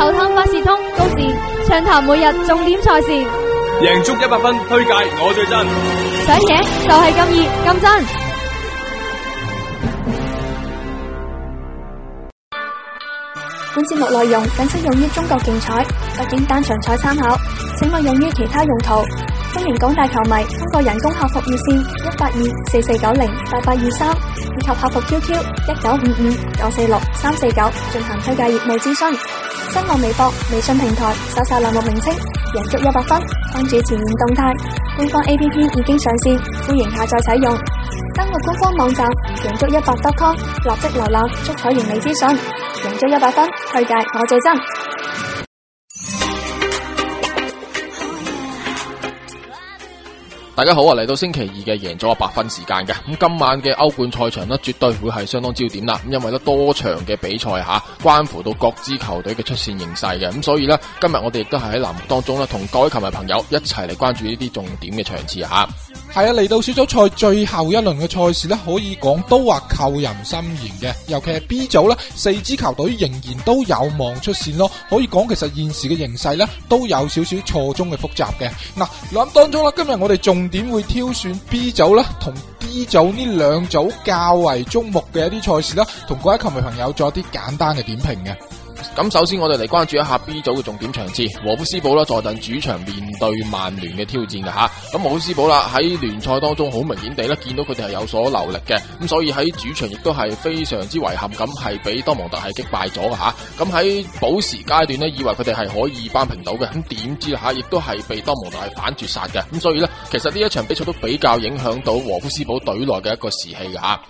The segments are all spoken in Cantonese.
球探萬事通高士暢談每日重點賽事，贏足一百分推介我最真，想贏就係、是、咁易咁真。本節目內容僅適用於中國競彩、北京單場彩參考，請勿用於其他用途。歡迎廣大球迷通過人工客服熱線一八二四四九零八八二三以及客服 QQ 一九五五九四六三四九進行推介業務諮詢。新浪微博、微信平台，搜索欄目名稱，贏足一百分；關注前沿動態，官方 A P P 已經上線，歡迎下載使用。登錄官方網站，贏足一百分 dot com，立即瀏覽足彩盈利資訊，贏足一百分，推介我最真。大家好啊！嚟到星期二嘅贏足 100FUN 時間嘅咁，今晚嘅歐冠賽場呢絕對會係相當焦點啦。咁因為呢多場嘅比賽吓、啊，關乎到各支球隊嘅出線形勢嘅咁、啊，所以呢，今日我哋亦都係喺欄目當中呢，同各位球迷朋友一齊嚟關注呢啲重點嘅場次吓。啊係啊，嚟到小組賽最後一輪嘅賽事咧，可以講都話扣人心弦嘅。尤其係 B 組咧，四支球隊仍然都有望出線咯。可以講，其實現時嘅形勢咧，都有少少錯綜嘅複雜嘅。嗱，諗當中啦，今日我哋重點會挑選 B 組啦，同 D 組呢兩組較為矚目嘅一啲賽事啦，同各位球迷朋友做一啲簡單嘅點評嘅。咁首先我哋嚟關注一下 B 組嘅重點場次，和夫斯堡呢，坐陣主場面對曼聯嘅挑戰嘅吓。咁和夫斯堡啦，喺聯賽當中好明顯地咧見到佢哋係有所留力嘅，咁所以喺主場亦都係非常之遺憾咁係俾多蒙特係擊敗咗嘅吓。咁喺補時階段呢，以為佢哋係可以扳平到嘅，咁點知吓亦都係被多蒙特係反絕殺嘅。咁所以呢，其實呢一場比賽都比較影響到和夫斯堡隊內嘅一個士氣嘅吓。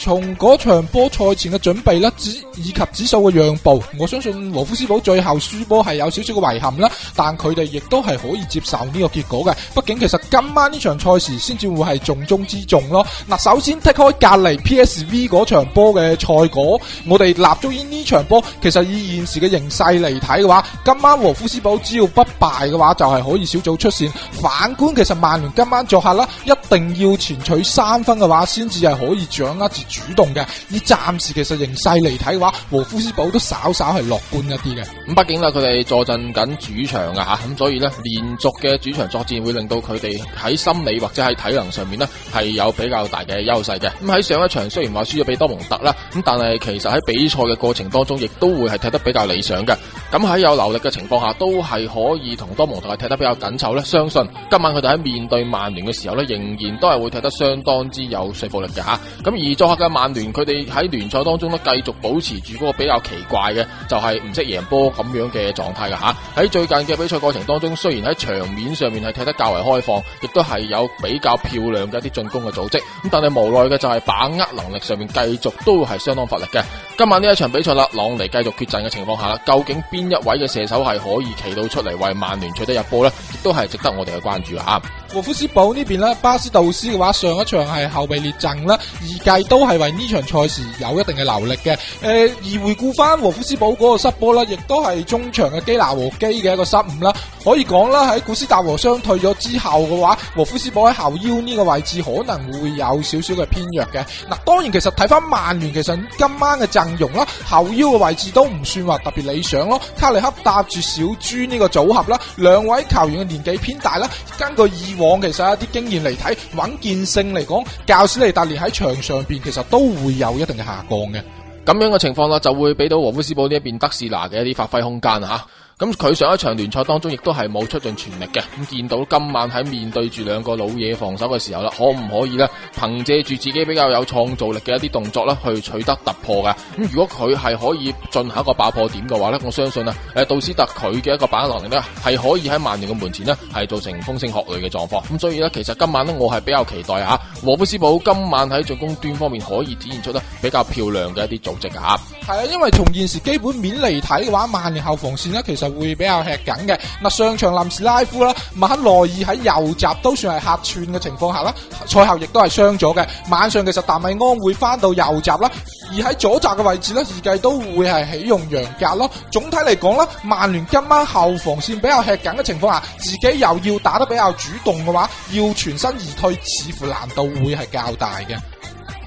從場波賽前嘅準備啦，以及指數嘅讓步，我相信和夫斯堡最後輸波係有少少嘅遺憾啦。但佢哋亦都係可以接受呢個結果嘅。畢竟其實今晚呢場賽事先至會係重中之重咯。嗱，首先剔開隔籬 P.S.V 嗰場波嘅賽果，我哋立足於呢場波，其實以現時嘅形勢嚟睇嘅話，今晚和夫斯堡只要不敗嘅話，就係可以小組出線。反觀其實曼聯今晚作客啦，一定要前取三分嘅話，先至係可以掌握主動嘅，以暫時其實形勢嚟睇嘅話，和夫斯堡都稍稍係樂觀一啲嘅。咁畢竟啦，佢哋坐鎮緊主場嘅吓，咁、嗯、所以咧連續嘅主場作戰會令到佢哋喺心理或者喺體能上面呢係有比較大嘅優勢嘅。咁、嗯、喺上一場雖然話輸咗俾多蒙特啦，咁、嗯、但係其實喺比賽嘅過程當中，亦都會係踢得比較理想嘅。咁、嗯、喺有流力嘅情況下，都係可以同多蒙特係踢得比較緊湊咧。相信今晚佢哋喺面對曼聯嘅時候咧，仍然都係會踢得相當之有說服力嘅吓。咁、啊、而作嘅曼聯，佢哋喺聯賽當中都繼續保持住嗰個比較奇怪嘅，就係唔識贏波咁樣嘅狀態嘅吓。喺、啊、最近嘅比賽過程當中，雖然喺場面上面係踢得較為開放，亦都係有比較漂亮嘅一啲進攻嘅組織，咁但係無奈嘅就係把握能力上面繼續都係相當乏力嘅。今晚呢一場比賽啦，朗尼繼續缺陣嘅情況下啦，究竟邊一位嘅射手係可以企到出嚟為曼聯取得入波呢？亦都係值得我哋去關注吓。啊和夫斯堡呢邊呢，巴斯道斯嘅話上一場係後備列陣啦，預計都係為呢場賽事有一定嘅留力嘅。誒、呃，而回顧翻和夫斯堡嗰個失波啦，亦都係中場嘅基拿和基嘅一個失誤啦。可以講啦，喺古斯塔和傷退咗之後嘅話，和夫斯堡喺後腰呢個位置可能會有少少嘅偏弱嘅。嗱，當然其實睇翻曼聯，其實今晚嘅陣容啦，後腰嘅位置都唔算話特別理想咯。卡利克搭住小豬呢個組合啦，兩位球員嘅年紀偏大啦，根據二，往其實一啲經驗嚟睇，穩健性嚟講，教士利達連喺場上邊其實都會有一定嘅下降嘅，咁樣嘅情況啦，就會俾到禾夫斯堡呢一邊德士拿嘅一啲發揮空間嚇。咁佢上一場聯賽當中亦都係冇出盡全力嘅，咁見到今晚喺面對住兩個老嘢防守嘅時候啦，可唔可以呢？憑借住自己比較有創造力嘅一啲動作呢，去取得突破嘅。咁如果佢係可以進行一個爆破點嘅話呢，我相信啊，誒，杜斯特佢嘅一個把握能力呢，係可以喺曼聯嘅門前呢，係造成風聲鶴唳嘅狀況。咁所以呢，其實今晚呢，我係比較期待吓，和夫斯堡今晚喺進攻端方面可以展現出得比較漂亮嘅一啲組織啊。係啊，因為從現時基本面嚟睇嘅話，曼聯後防線呢，其實。會比較吃緊嘅，那上場臨時拉夫啦，麥克羅爾喺右閘都算係客串嘅情況下啦，賽後亦都係傷咗嘅。晚上其實達米安會翻到右閘啦，而喺左閘嘅位置呢，預計都會係起用楊格咯。總體嚟講咧，曼聯今晚後防線比較吃緊嘅情況下，自己又要打得比較主動嘅話，要全身而退，似乎難度會係較大嘅。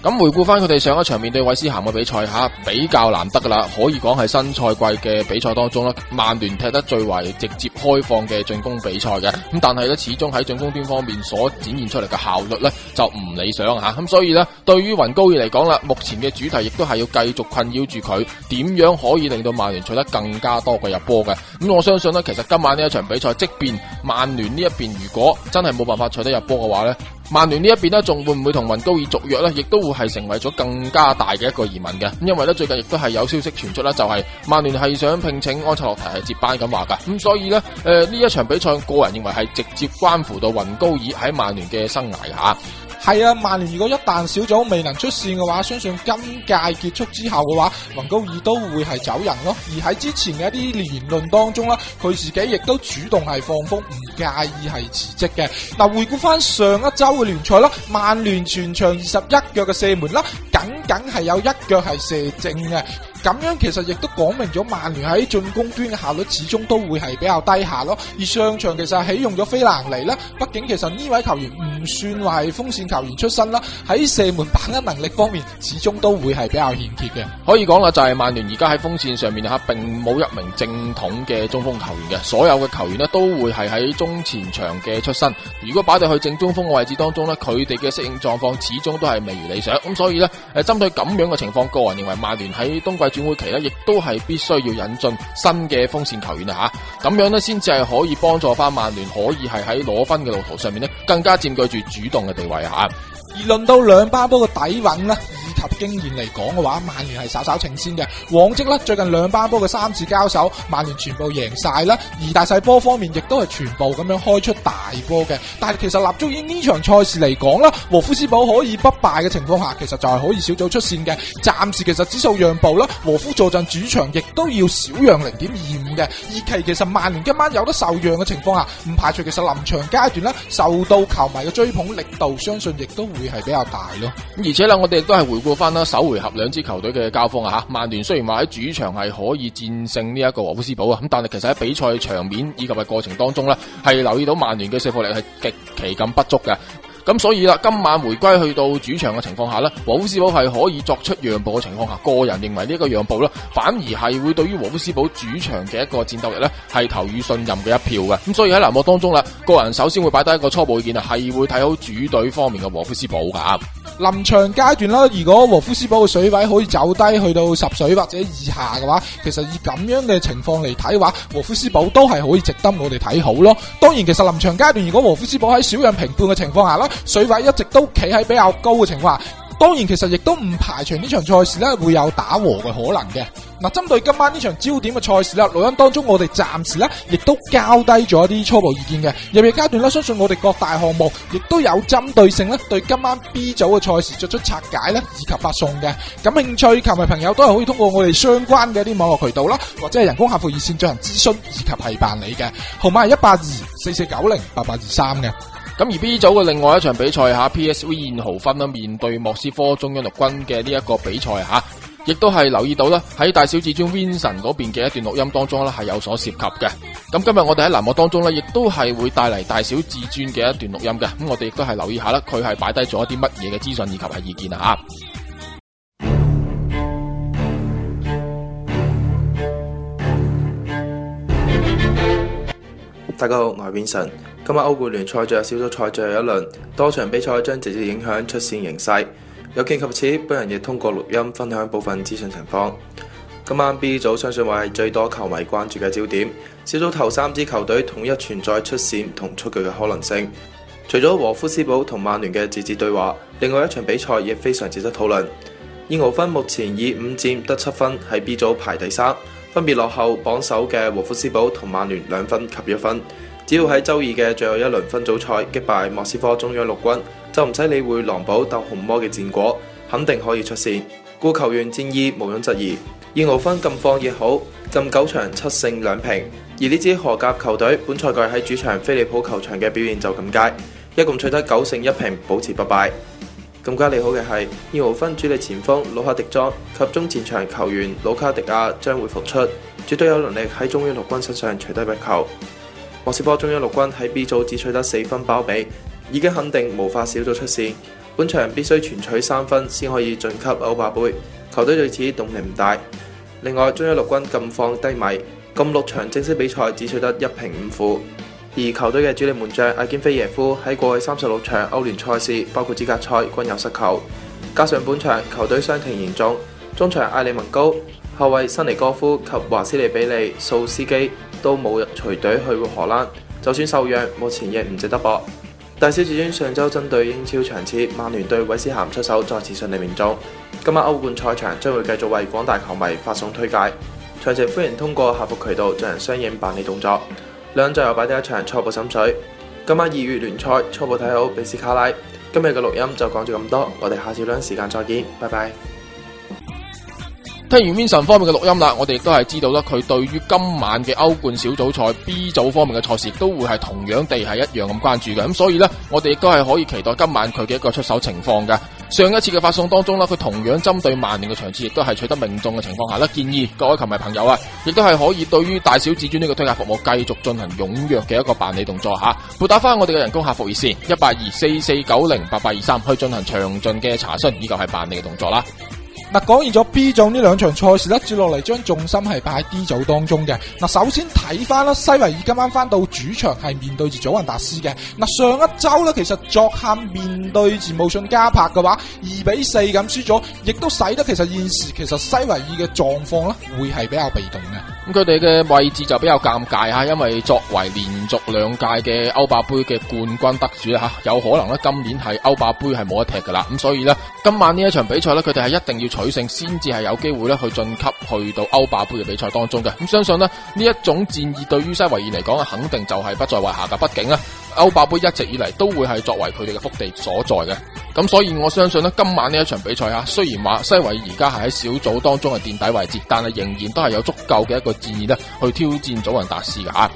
咁回顧翻佢哋上一場面對韋斯咸嘅比賽吓，比較難得噶啦，可以講係新賽季嘅比賽當中咧，曼聯踢得最為直接開放嘅進攻比賽嘅。咁但係咧，始終喺進攻端方面所展現出嚟嘅效率咧，就唔理想吓。咁所以呢，對於雲高爾嚟講啦，目前嘅主題亦都係要繼續困擾住佢，點樣可以令到曼聯取得更加多嘅入波嘅？咁我相信呢，其實今晚呢一場比賽，即便曼聯呢一邊如果真係冇辦法取得入波嘅話呢。曼聯呢一邊咧，仲會唔會同雲高爾續約呢？亦都會係成為咗更加大嘅一個疑問嘅。因為咧，最近亦都係有消息傳出啦，就係、是、曼聯係想聘請安切洛蒂係接班咁話噶。咁、嗯、所以呢，誒、呃、呢一場比賽，個人認為係直接關乎到雲高爾喺曼聯嘅生涯吓。係啊，曼聯如果一旦小組未能出線嘅話，相信今屆結束之後嘅話，雲高爾都會係走人咯。而喺之前嘅一啲言論當中啦，佢自己亦都主動係放風，唔介意係辭職嘅。嗱、啊，回顧翻上一周嘅聯賽啦，曼聯全場二十一腳嘅射門啦，僅僅係有一腳係射正嘅。咁樣其實亦都講明咗曼聯喺進攻端嘅效率始終都會係比較低下咯。而上場其實係啟用咗菲蘭尼啦，畢竟其實呢位球員唔算話係鋒線球員出身啦，喺射門把握能力方面始終都會係比較欠缺嘅。可以講啦，就係、是、曼聯而家喺鋒線上面吓，並冇一名正統嘅中鋒球員嘅，所有嘅球員呢都會係喺中前場嘅出身。如果擺到去正中鋒嘅位置當中呢，佢哋嘅適應狀況始終都係未如理想。咁、嗯、所以呢，誒針對咁樣嘅情況，個人認為曼聯喺冬季。轉會期咧，亦都係必須要引進新嘅鋒線球員啊！吓，咁樣咧，先至係可以幫助翻曼聯，可以係喺攞分嘅路途上面咧，更加佔據住主動嘅地位吓。啊而論到兩班波嘅底蘊啦，以及經驗嚟講嘅話，曼聯係稍稍稱先嘅。往績呢，最近兩班波嘅三次交手，曼聯全部贏晒啦。而大細波方面，亦都係全部咁樣開出大波嘅。但係其實立足於呢場賽事嚟講啦，和夫斯堡可以不敗嘅情況下，其實就係可以小組出線嘅。暫時其實指數讓步啦，和夫坐鎮主場，亦都要少讓零點二五嘅。而其其實曼聯今晚有得受讓嘅情況下，唔排除其實臨場階段啦，受到球迷嘅追捧力度，相信亦都會。係比較大咯，而且咧，我哋亦都係回顧翻啦，首回合兩支球隊嘅交鋒啊，吓，曼聯雖然話喺主場係可以戰勝呢一個禾夫斯堡啊，咁但係其實喺比賽場面以及嘅過程當中咧，係留意到曼聯嘅說服力係極其咁不足嘅。咁所以啦，今晚回歸去到主場嘅情況下呢，和夫斯堡係可以作出讓步嘅情況下，個人認為呢一個讓步呢反而係會對於和夫斯堡主場嘅一個戰鬥力呢係投予信任嘅一票嘅。咁所以喺欄目當中啦，個人首先會擺低一個初步意見啊，係會睇好主隊方面嘅和夫斯堡噶。臨場階段啦，如果和夫斯堡嘅水位可以走低去到十水或者以下嘅話，其實以咁樣嘅情況嚟睇話，和夫斯堡都係可以值得我哋睇好咯。當然，其實臨場階段如果和夫斯堡喺小讓平半嘅情況下啦，水位一直都企喺比較高嘅情況，當然其實亦都唔排除呢場賽事咧會有打和嘅可能嘅。嗱，針對今晚呢場焦點嘅賽事咧，錄音當中我哋暫時咧亦都交低咗一啲初步意見嘅。入夜階段咧，相信我哋各大項目亦都有針對性咧對今晚 B 組嘅賽事作出拆解咧以及發送嘅。感興趣球迷朋友都係可以通過我哋相關嘅一啲網絡渠道啦，或者係人工客服熱線進行諮詢以及係辦理嘅。號碼係一八二四四九零八八二三嘅。咁而 B 組嘅另外一場比賽吓，PSV 燕豪芬啦，面對莫斯科中央陸軍嘅呢一個比賽吓，亦都係留意到啦，喺大小至尊 Winson 嗰邊嘅一段錄音當中啦，係有所涉及嘅。咁今日我哋喺欄目當中咧，亦都係會帶嚟大小至尊嘅一段錄音嘅。咁我哋亦都係留意下啦，佢係擺低咗一啲乜嘢嘅資訊以及係意見啊吓。大家好，我係 Vincent，今日歐冠聯賽進入小組賽最後一輪，多場比賽將直接影響出線形勢。有見及此，本人亦通過錄音分享部分資訊情況。今晚 B 組相信會係最多球迷關注嘅焦點，小組頭三支球隊統一存在出線同出局嘅可能性。除咗和夫斯堡同曼聯嘅直接對話，另外一場比賽亦非常值得討論。燕豪芬目前以五戰得七分喺 B 組排第三。分別落後榜首嘅和夫斯堡同曼聯兩分及一分，只要喺周二嘅最後一輪分組賽擊敗莫斯科中央陸軍，就唔使理會狼堡鬥紅魔嘅戰果，肯定可以出線。故球員戰意毋庸質疑。伊奴芬近況亦好，近九場七勝兩平。而呢支荷甲球隊本賽季喺主場飛利浦球場嘅表現就咁佳，一共取得九勝一平，保持不敗。更加利好嘅係，二河分主力前鋒魯克迪莊及中前場球員魯卡迪亞將會復出，絕對有能力喺中央陸軍身上取得入球。莫斯科中央陸軍喺 B 組只取得四分包尾，已經肯定無法小組出線。本場必須全取三分先可以晉級歐霸杯，球隊對此動力唔大。另外，中央陸軍近況低迷，近六場正式比賽只取得一平五負。而球隊嘅主力門將阿堅菲耶夫喺過去三十六場歐聯賽事，包括資格賽均有失球。加上本場球隊傷停嚴重，中場艾利文高、後衛辛尼戈夫及華斯利比利素斯基都冇隨隊去過荷蘭，就算受讓，目前亦唔值得搏。大師至尊上周針對英超場次，曼聯對韋斯咸出手，再次順利命中。今晚歐冠賽場將會繼續為廣大球迷發送推介，詳情歡迎通過客服渠道進行相應辦理動作。兩仗又擺第一場，初步心水。今晚二月聯賽初步睇好比斯卡尼。今日嘅錄音就講咗咁多，我哋下次兩時間再見，拜拜。聽完 Vincent 方面嘅錄音啦，我哋亦都係知道啦，佢對於今晚嘅歐冠小組賽 B 組方面嘅賽事，都會係同樣地係一樣咁關注嘅。咁所以呢，我哋亦都係可以期待今晚佢嘅一個出手情況嘅。上一次嘅發送當中呢佢同樣針對曼聯嘅場次亦都係取得命中嘅情況下呢，建議各位球迷朋友啊，亦都係可以對於大小至尊呢個推介服務繼續進行踴躍嘅一個辦理動作嚇，撥、啊、打翻我哋嘅人工客服熱線一八二四四九零八八二三去進行詳盡嘅查詢，以及係辦理嘅動作啦。啊嗱，講完咗 B 組呢兩場賽事啦，接落嚟將重心係擺喺 D 組當中嘅。嗱，首先睇翻啦，西維爾今晚翻到主場係面對住祖雲達斯嘅。嗱，上一周咧其實作客面對住慕遜加柏嘅話，二比四咁輸咗，亦都使得其實現時其實西維爾嘅狀況咧會係比較被動嘅。咁佢哋嘅位置就比較尷尬吓，因為作為連續兩屆嘅歐霸杯嘅冠軍得主吓，有可能咧今年係歐霸杯係冇得踢噶啦，咁所以呢，今晚呢一場比賽咧，佢哋係一定要取勝先至係有機會咧去晉級去到歐霸杯嘅比賽當中嘅，咁相信呢，呢一種戰意對於西維爾嚟講，肯定就係不在話下噶，畢竟啊。歐霸盃一直以嚟都會係作為佢哋嘅福地所在嘅，咁所以我相信咧今晚呢一場比賽啊，雖然話西維而家係喺小組當中嘅墊底位置，但係仍然都係有足夠嘅一個戰意咧去挑戰祖雲達斯嘅吓。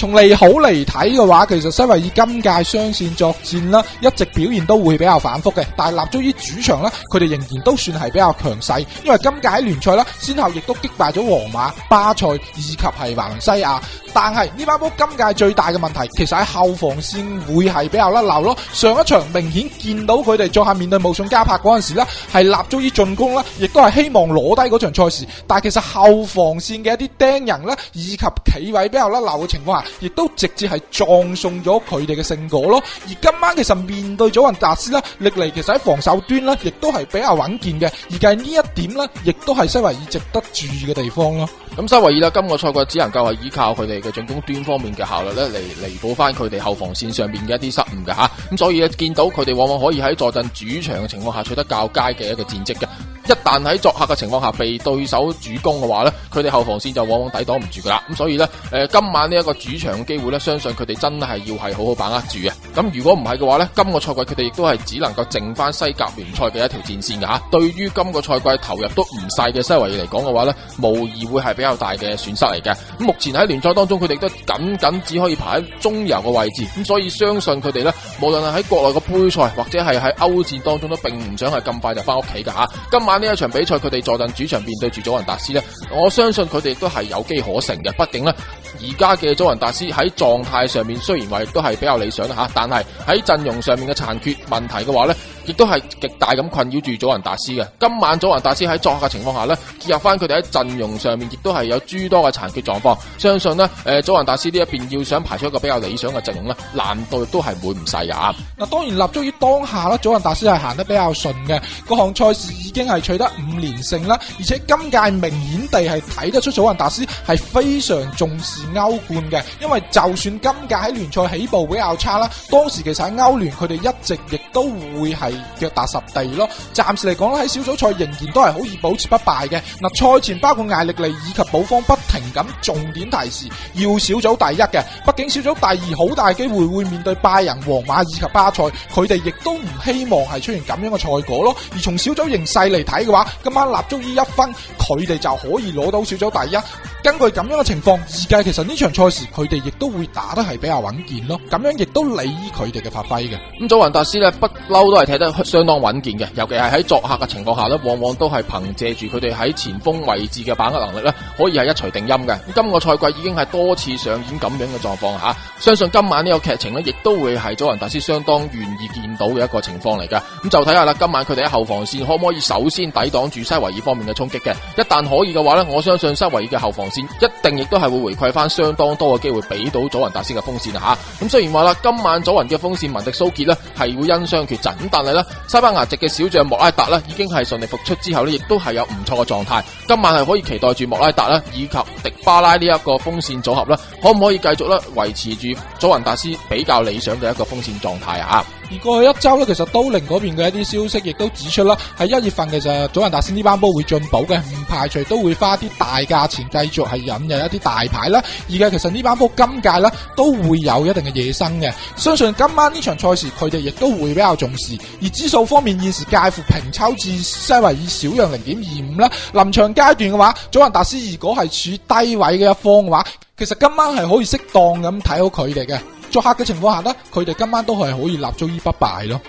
從利好嚟睇嘅話，其實西維爾今屆雙線作戰啦，一直表現都會比較反覆嘅。但係立足於主場咧，佢哋仍然都算係比較強勢，因為今屆喺聯賽啦，先後亦都擊敗咗皇馬、巴塞以及係華倫西亞。但係呢把波今屆最大嘅問題，其實喺後防線會係比較甩漏咯。上一場明顯見到佢哋作客面對無上加拍嗰陣時咧，係立足於進攻啦，亦都係希望攞低嗰場賽事。但係其實後防線嘅一啲釘人咧，以及企位比較甩漏嘅情況下。亦都直接係葬送咗佢哋嘅勝果咯，而今晚其實面對咗云達斯啦，歷嚟其實喺防守端咧，亦都係比較穩健嘅，而計呢一點咧，亦都係西維爾值得注意嘅地方咯。咁西維爾啦，今個賽季只能夠係依靠佢哋嘅進攻端方面嘅效率咧，嚟彌補翻佢哋後防線上面嘅一啲失誤嘅吓，咁、啊、所以咧見到佢哋往往可以喺坐鎮主場嘅情況下取得較佳嘅一個戰績嘅。一旦喺作客嘅情況下被對手主攻嘅話呢，佢哋後防線就往往抵擋唔住噶啦。咁所以呢，誒、呃、今晚呢一個主場嘅機會咧，相信佢哋真係要係好好把握住嘅。咁如果唔係嘅話呢，今個賽季佢哋亦都係只能夠剩翻西甲聯賽嘅一條戰線噶吓、啊。對於今個賽季投入都唔細嘅西維爾嚟講嘅話呢，無疑會係比較大嘅損失嚟嘅。目前喺聯賽當中，佢哋都僅僅只可以排喺中游嘅位置。咁所以相信佢哋呢，無論係喺國內嘅杯賽或者係喺歐戰當中，都並唔想係咁快就翻屋企噶吓。今晚。呢一場比賽，佢哋坐鎮主場，面對住祖雲達斯咧，我相信佢哋亦都係有機可乘嘅。畢竟咧，而家嘅祖雲達斯喺狀態上面雖然話亦都係比較理想吓，但係喺陣容上面嘅殘缺問題嘅話咧。亦都係極大咁困擾住祖雲達斯嘅。今晚祖雲達斯喺作客嘅情況下呢，結合翻佢哋喺陣容上面，亦都係有諸多嘅殘缺狀況。相信呢，誒，祖雲達斯呢一邊要想排出一個比較理想嘅陣容呢，難度都係唔會唔大。嗱，當然立足於當下啦，祖雲達斯係行得比較順嘅，嗰項賽事已經係取得五連勝啦。而且今屆明顯地係睇得出祖雲達斯係非常重視歐冠嘅，因為就算今屆喺聯賽起步比較差啦，當時其實喺歐聯佢哋一直亦都會係。腳踏實地咯，暫時嚟講喺小組賽仍然都係好易保持不敗嘅。嗱、啊，賽前包括艾力尼以及保方不停咁重點提示要小組第一嘅，畢竟小組第二好大機會會面對拜仁、皇馬以及巴塞，佢哋亦都唔希望係出現咁樣嘅賽果咯。而從小組形勢嚟睇嘅話，今晚立足於一分，佢哋就可以攞到小組第一。根據咁樣嘅情況，而家其實呢場賽事佢哋亦都會打得係比較穩健咯，咁樣亦都利於佢哋嘅發揮嘅。咁祖雲達斯呢不嬲都係睇得相當穩健嘅，尤其係喺作客嘅情況下呢，往往都係憑借住佢哋喺前鋒位置嘅把握能力呢，可以係一錘定音嘅。今個賽季已經係多次上演咁樣嘅狀況吓、啊，相信今晚呢個劇情呢亦都會係祖雲達斯相當願意見到嘅一個情況嚟嘅。咁、啊嗯、就睇下啦，今晚佢哋喺後防線可唔可以首先抵擋住西維爾方面嘅衝擊嘅？一旦可以嘅話呢，我相信西維爾嘅後防。一定亦都係會回饋翻相當多嘅機會，俾到祖雲達斯嘅鋒線。啊！吓，咁雖然話啦，今晚祖雲嘅鋒線文迪蘇傑呢係會因傷缺陣，但係呢，西班牙籍嘅小將莫拉達呢已經係順利復出之後呢，亦都係有唔錯嘅狀態。今晚係可以期待住莫拉達啦，以及迪巴拉呢一個鋒線組合啦，可唔可以繼續咧維持住祖雲達斯比較理想嘅一個鋒線狀態啊？而過去一周，咧，其實都靈嗰邊嘅一啲消息亦都指出啦，喺一月份其實祖雲達斯呢班波會進補嘅，唔排除都會花啲大價錢繼續係引入一啲大牌啦。而家其實呢班波今屆咧都會有一定嘅野生嘅，相信今晚呢場賽事佢哋亦都會比較重視。而指數方面現時介乎平抽至西維爾小陽零點二五啦。臨場階段嘅話，祖雲達斯如果係處低位嘅一方嘅話，其實今晚係可以適當咁睇好佢哋嘅。作客嘅情況下呢，佢哋今晚都係可以立足於不敗咯。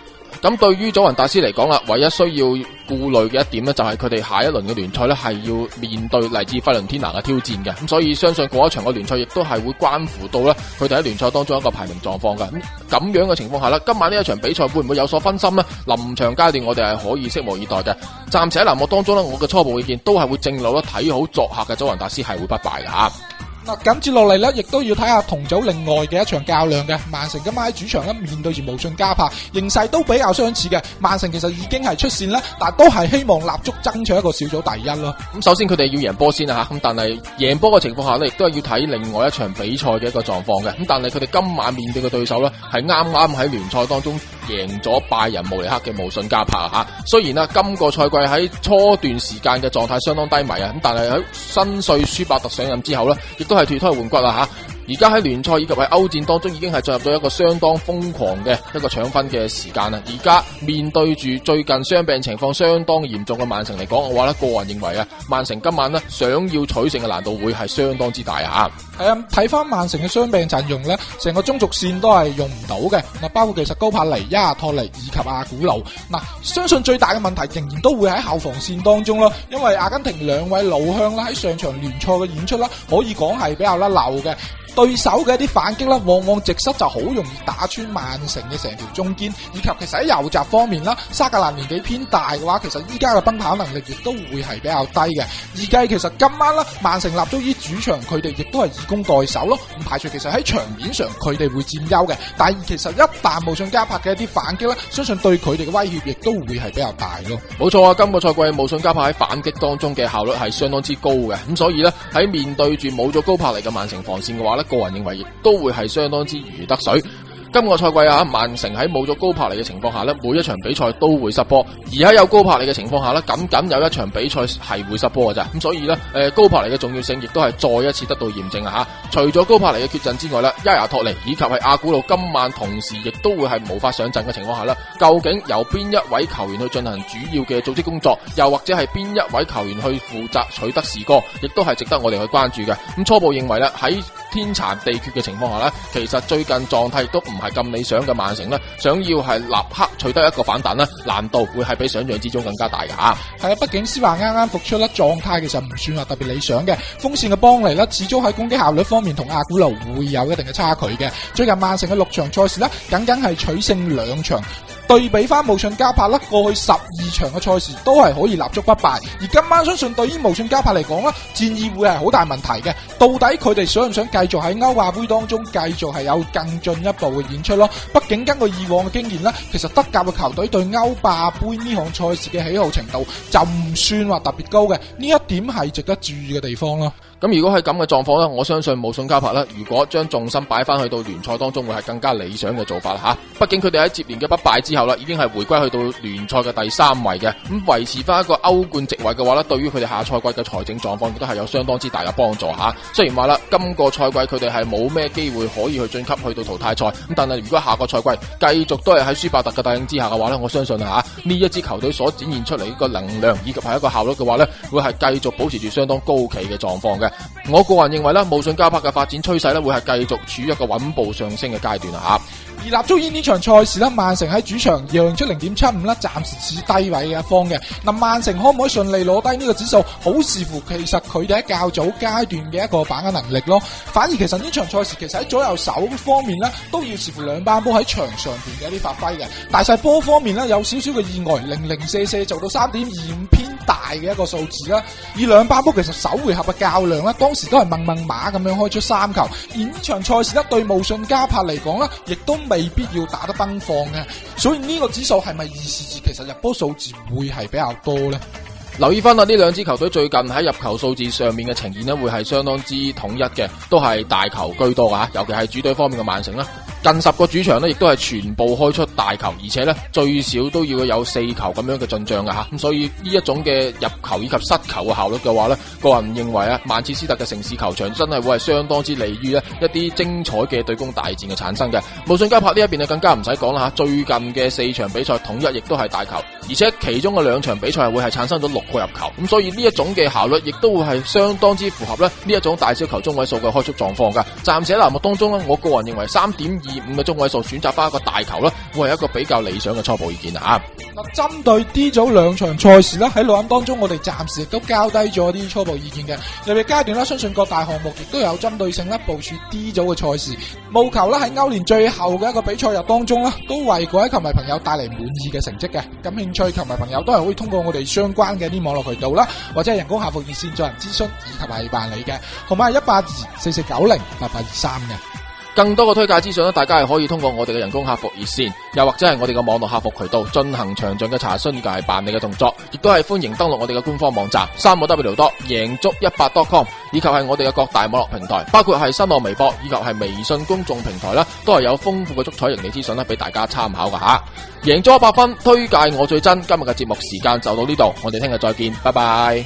咁對於祖雲達斯嚟講啦，唯一需要顧慮嘅一點呢，就係佢哋下一輪嘅聯賽呢係要面對嚟自費倫天拿嘅挑戰嘅。咁所以相信過一場嘅聯賽，亦都係會關乎到呢佢哋喺聯賽當中一個排名狀況嘅。咁咁樣嘅情況下呢，今晚呢一場比賽會唔會有所分心呢？臨場階段我哋係可以拭目以待嘅。暫時喺欄目當中呢，我嘅初步意見都係會正路啦，睇好作客嘅祖雲達斯係會不敗嘅吓。嗱，咁接落嚟咧，亦都要睇下同組另外嘅一場較量嘅。曼城今晚喺主場咧，面對住慕遜加柏，形勢都比較相似嘅。曼城其實已經係出線啦，但都係希望立足爭取一個小組第一咯。咁首先佢哋要贏波先啊吓，咁但係贏波嘅情況下咧，亦都係要睇另外一場比賽嘅一個狀況嘅。咁但係佢哋今晚面對嘅對手咧，係啱啱喺聯賽當中贏咗拜仁慕尼黑嘅慕遜加柏啊吓。雖然啦今個賽季喺初段時間嘅狀態相當低迷啊，咁但係喺新帥舒伯特上任之後咧，都係脫胎換骨啦吓！而家喺聯賽以及喺歐戰當中已經係進入到一個相當瘋狂嘅一個搶分嘅時間啦。而家面對住最近傷病情況相當嚴重嘅曼城嚟講嘅話咧，個人認為啊，曼城今晚咧想要取勝嘅難度會係相當之大嚇。係啊、嗯，睇翻曼城嘅傷病陣容呢成個中軸線都係用唔到嘅嗱，包括其實高柏尼、亞托尼以及阿古魯嗱、嗯，相信最大嘅問題仍然都會喺後防線當中咯，因為阿根廷兩位老鄉啦喺上場聯賽嘅演出啦，可以講係比較甩漏嘅。對手嘅一啲反擊啦，往往直塞就好容易打穿曼城嘅成條中堅，以及其實喺右閘方面啦，沙格蘭年紀偏大嘅話，其實依家嘅奔跑能力亦都會係比較低嘅。而計其實今晚啦，曼城立足於主場，佢哋亦都係以攻代守咯，唔排除其實喺場面上佢哋會佔優嘅，但係其實一。但無信加拍嘅一啲反擊咧，相信對佢哋嘅威脅亦都會係比較大咯。冇錯啊，今個賽季無信加拍喺反擊當中嘅效率係相當之高嘅，咁所以咧，喺面對住冇咗高柏嚟嘅曼城防線嘅話咧，個人認為亦都會係相當之如得水。今個賽季啊，曼城喺冇咗高柏尼嘅情況下咧，每一場比賽都會失波；而喺有高柏尼嘅情況下咧，僅僅有一場比賽係會失波嘅咋。咁所以咧，誒，高柏尼嘅重要性亦都係再一次得到驗證啦吓。除咗高柏尼嘅缺陣之外咧，伊牙托尼以及係阿古路今晚同時亦都會係無法上陣嘅情況下咧，究竟由邊一位球員去進行主要嘅組織工作，又或者係邊一位球員去負責取得士哥，亦都係值得我哋去關注嘅。咁初步認為咧喺。天殘地缺嘅情況下呢，其實最近狀態都唔係咁理想嘅曼城呢，想要係立刻取得一個反彈呢，難度會係比想象之中更加大嘅吓。係啊，畢竟施華啱啱復出啦，狀態其實唔算話特別理想嘅，鋒線嘅幫嚟呢始終喺攻擊效率方面同阿古樓會有一定嘅差距嘅。最近曼城嘅六場賽事呢僅僅係取勝兩場。對比翻慕遜加柏啦過去十二場嘅賽事，都係可以立足不敗。而今晚相信對於慕遜加柏嚟講咧，戰意會係好大問題嘅。到底佢哋想唔想繼續喺歐霸盃當中繼續係有更進一步嘅演出咯？畢竟根據以往嘅經驗咧，其實德甲嘅球隊對歐霸盃呢項賽事嘅喜好程度就唔算話特別高嘅。呢一點係值得注意嘅地方咯。咁如果係咁嘅狀況咧，我相信慕遜加柏咧，如果將重心擺翻去到聯賽當中，會係更加理想嘅做法啦吓。畢竟佢哋喺接連嘅不敗之後。已經係回歸去到聯賽嘅第三位嘅，咁維持翻一個歐冠席位嘅話咧，對於佢哋下賽季嘅財政狀況亦都係有相當之大嘅幫助吓、啊。雖然話啦，今個賽季佢哋係冇咩機會可以去晉級去到淘汰賽，咁但係如果下個賽季繼續都係喺舒伯特嘅帶領之下嘅話咧，我相信吓呢、啊、一支球隊所展現出嚟一個能量以及係一個效率嘅話咧，會係繼續保持住相當高企嘅狀況嘅。我個人認為呢慕遜加柏嘅發展趨勢咧，會係繼續處於一個穩步上升嘅階段啊！而立足於呢場賽事咧，曼城喺主場。讓出零點七五啦，暫時是低位嘅一方嘅。嗱、啊，曼城可唔可以順利攞低呢個指數，好視乎其實佢哋喺較早階段嘅一個把握能力咯。反而其實呢場賽事其實喺左右手方面呢，都要視乎兩班波喺場上邊嘅一啲發揮嘅。大細波方面呢，有少少嘅意外，零零四四做到三點二五偏大嘅一個數字啦。以兩班波其實首回合嘅較量呢，當時都係掹掹馬咁樣開出三球。而呢場賽事呢，對慕遜加柏嚟講呢，亦都未必要打得奔放嘅，所以。呢個指數係咪二時字？其實入波數字會係比較多咧。留意翻啊！呢兩支球隊最近喺入球數字上面嘅呈現呢，會係相當之統一嘅，都係大球居多啊！尤其係主隊方面嘅曼城啦，近十個主場呢，亦都係全部開出大球，而且呢，最少都要有四球咁樣嘅進賬噶吓。咁所以呢一種嘅入球以及失球嘅效率嘅話呢，個人認為啊，曼徹斯特嘅城市球場真係會係相當之利於呢一啲精彩嘅對攻大戰嘅產生嘅。慕遜加柏呢一邊咧更加唔使講啦吓，最近嘅四場比賽統一亦都係大球，而且其中嘅兩場比賽會係產生咗過入球咁，所以呢一種嘅效率亦都會係相當之符合咧。呢一種大小球中位數嘅開出狀況噶，暫時喺欄目當中咧，我個人認為三點二五嘅中位數選擇翻一個大球啦，會係一個比較理想嘅初步意見啊。嗱，針對 D 組兩場賽事啦，喺錄音當中我哋暫時亦都交低咗啲初步意見嘅，特別階段啦，相信各大項目亦都有針對性啦，部署 D 組嘅賽事。務求啦，喺歐聯最後嘅一個比賽日當中啦，都為各位球迷朋友帶嚟滿意嘅成績嘅。感興趣球迷朋友都係可以通過我哋相關嘅。啲網絡渠道啦，或者係人工客服熱線進行諮詢以及係辦理嘅，號碼係一八二四四九零八八二三嘅。更多嘅推介資訊咧，大家係可以通過我哋嘅人工客服熱線，又或者係我哋嘅網絡客服渠道進行詳盡嘅查詢以及係辦理嘅動作，亦都係歡迎登錄我哋嘅官方網站三個 W 多贏足一百 .com，以及係我哋嘅各大網絡平台，包括係新浪微博以及係微信公眾平台啦，都係有豐富嘅足彩盈利資訊啦，俾大家參考噶吓。贏足一百 FUN，推介我最真。今日嘅節目時間就到呢度，我哋聽日再見，拜拜。